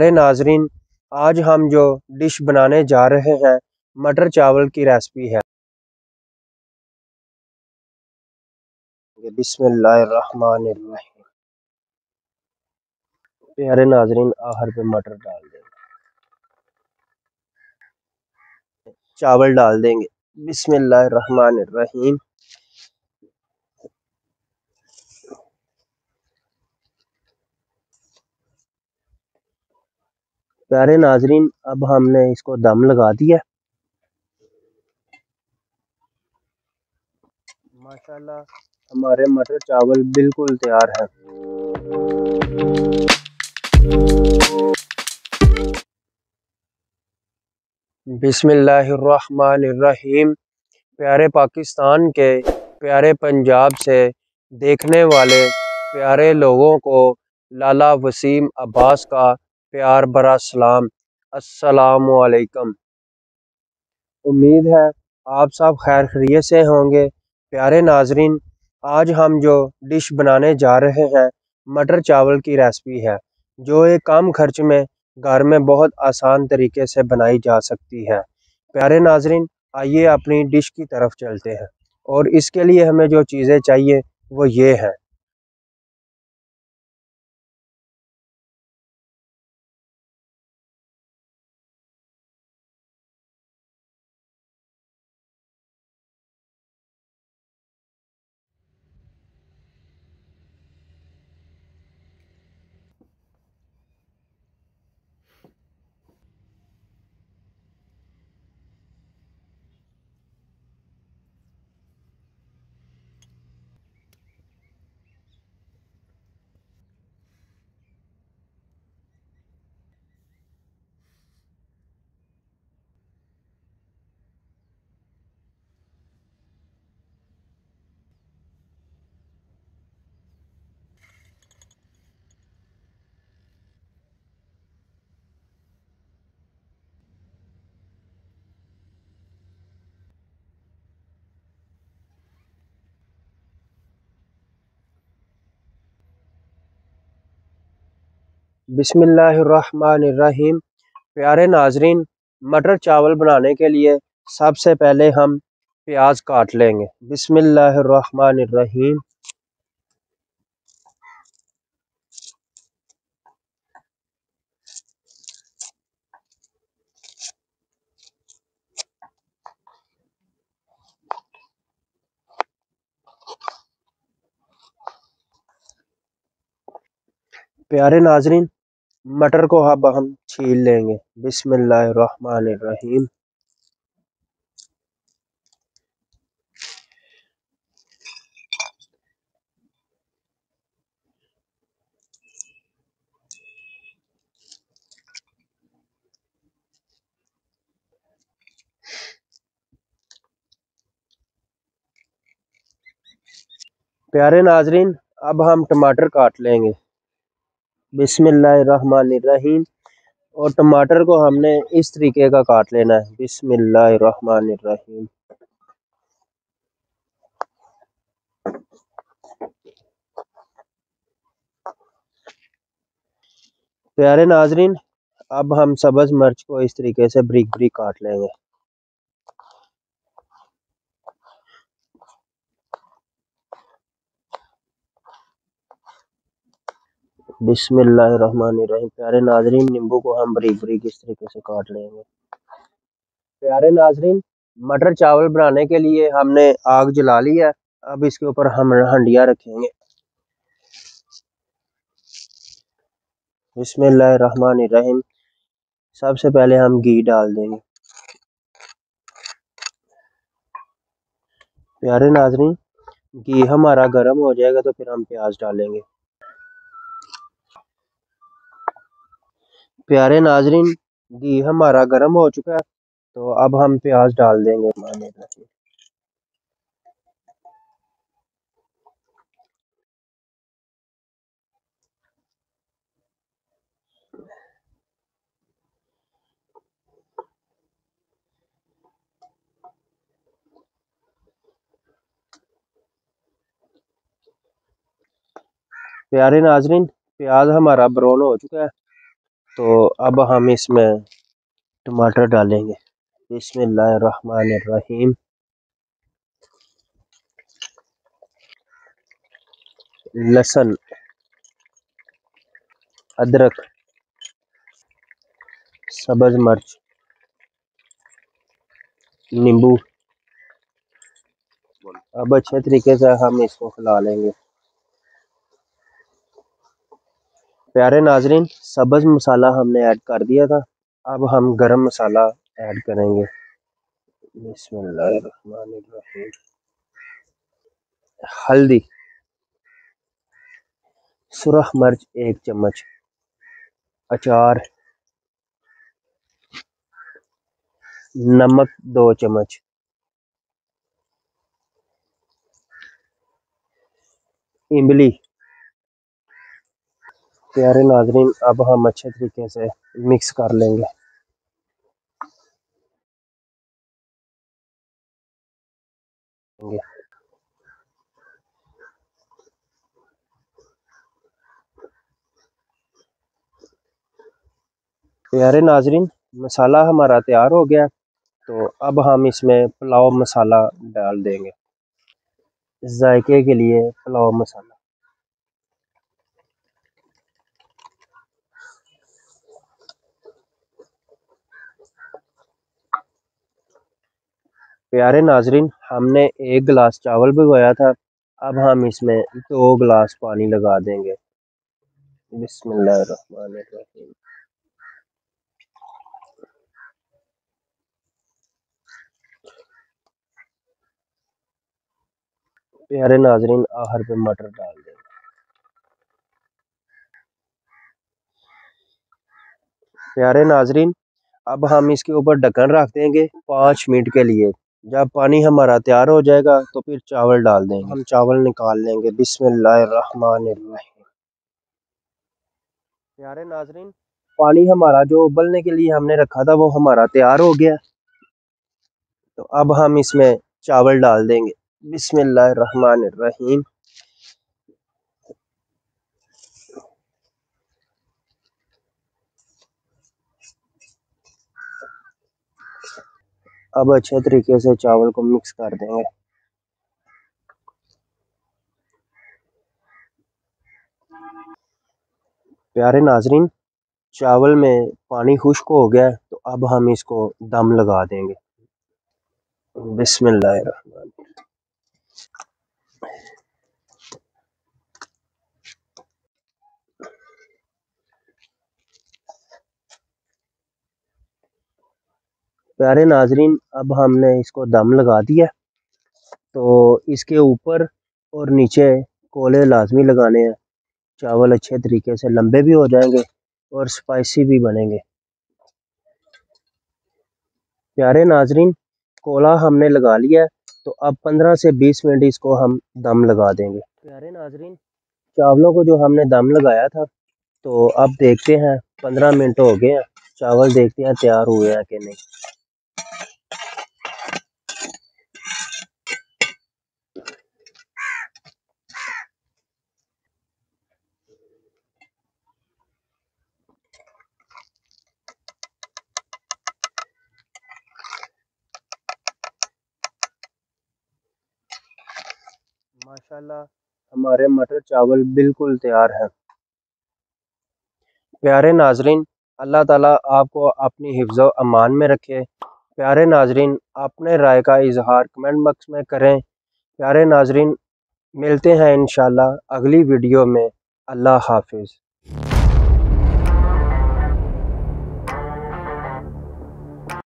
प्यारे नाजरीन आज हम जो डिश बनाने जा रहे हैं मटर चावल की रेसिपी है प्यारे नाजरीन आहर पे मटर डाल देंगे चावल डाल देंगे बिस्मिल्लाहिर्रहमानिर्रहीम प्यारे नाजरीन अब हमने इसको दम लगा दिया माशाल्लाह हमारे मटर चावल बिल्कुल तैयार है बिसमीम प्यारे पाकिस्तान के प्यारे पंजाब से देखने वाले प्यारे लोगों को लाला वसीम अब्बास का प्यार भरा सलाम असलकम उम्मीद है आप सब खैर खरीत से होंगे प्यारे नाजरीन आज हम जो डिश बनाने जा रहे हैं मटर चावल की रेसिपी है जो एक कम खर्च में घर में बहुत आसान तरीके से बनाई जा सकती है प्यारे नाजरीन आइए अपनी डिश की तरफ चलते हैं और इसके लिए हमें जो चीज़ें चाहिए वो ये हैं बिसमीम प्यारे नाजरीन मटर चावल बनाने के लिए सबसे पहले हम प्याज काट लेंगे बिसमीम प्यारे नाजरीन मटर को अब हम छील लेंगे बिस्मिल्लाहिर्रहमानिर्रहीम प्यारे नाजरीन अब हम टमाटर काट लेंगे बिस्मिल्लाहिर्रहमानिर्रहीम और टमाटर को हमने इस तरीके का काट लेना है बिस्मिल्लाहिर्रहमानिर्रहीम प्यारे नाजरीन अब हम सब्ज मिर्च को इस तरीके से ब्रिक ब्रिक काट लेंगे बिस्मिल्लाहिर्रहमानिर्रहीम प्यारे नाजरीन नींबू को हम बरीक बरीक इस तरीके से काट लेंगे प्यारे नाजरीन मटर चावल बनाने के लिए हमने आग जला ली है अब इसके ऊपर हम हंडिया रखेंगे बिस्मिल्लाहिर्रहमानिर्रहीम सबसे पहले हम घी डाल देंगे प्यारे नाजरीन घी हमारा गर्म हो जाएगा तो फिर हम प्याज डालेंगे प्यारे नाजरीन घी हमारा गर्म हो चुका है तो अब हम प्याज डाल देंगे प्यारे नाजरीन प्याज हमारा ब्राउन हो चुका है तो अब हम इसमें टमाटर डालेंगे रहीम लहसन अदरक सब्ज मर्च नींबू अब अच्छे तरीके से हम इसको खिला लेंगे प्यारे नाजरीन सब्ज़ मसाला हमने ऐड कर दिया था अब हम गरम मसाला ऐड करेंगे हल्दी सुरख मिर्च एक चम्मच अचार नमक दो चम्मच इमली प्यारे नाजरीन अब हम अच्छे तरीके से मिक्स कर लेंगे प्यारे नाजरीन मसाला हमारा तैयार हो गया तो अब हम इसमें पुलाव मसाला डाल देंगे जायके के लिए पुलाव मसाला प्यारे नाजरीन हमने एक गिलास चावल भिगोया था अब हम इसमें दो गिलास पानी लगा देंगे बिस्मिल्लाहिर्रहमानिर्रहीम प्यारे नाजरीन आहर पे मटर डाल देंगे प्यारे नाजरीन अब हम इसके ऊपर ढक्कन रख देंगे पाँच मिनट के लिए जब पानी हमारा तैयार हो जाएगा तो फिर चावल डाल देंगे हम चावल निकाल लेंगे बिस्मिल्लाहिर्रहमानिर्रहीम प्यारे नाजरीन पानी हमारा जो उबलने के लिए हमने रखा था वो हमारा तैयार हो गया तो अब हम इसमें चावल डाल देंगे रहीम अब अच्छे तरीके से चावल को मिक्स कर देंगे प्यारे नाजरीन चावल में पानी खुश्क हो गया तो अब हम इसको दम लगा देंगे बिस्मिल्लाह प्यारे नाजरीन अब हमने इसको दम लगा दिया तो इसके ऊपर और नीचे कोले लाजमी लगाने हैं चावल अच्छे तरीके से लंबे भी हो जाएंगे और स्पाइसी भी बनेंगे प्यारे नाजरीन कोला हमने लगा लिया है तो अब 15 से 20 मिनट इसको हम दम लगा देंगे प्यारे नाजरीन चावलों को जो हमने दम लगाया था तो अब देखते हैं 15 मिनट हो गए हैं चावल देखते हैं तैयार हुए हैं कि नहीं माशाल्लाह हमारे मटर चावल बिल्कुल तैयार हैं प्यारे नाजरीन अल्लाह ताला आपको अपनी हिफ्ज़ अमान में रखे प्यारे नाजरीन अपने राय का इजहार कमेंट बक्स में करें प्यारे नाजरीन मिलते हैं इन अगली वीडियो में अल्लाह हाफिज़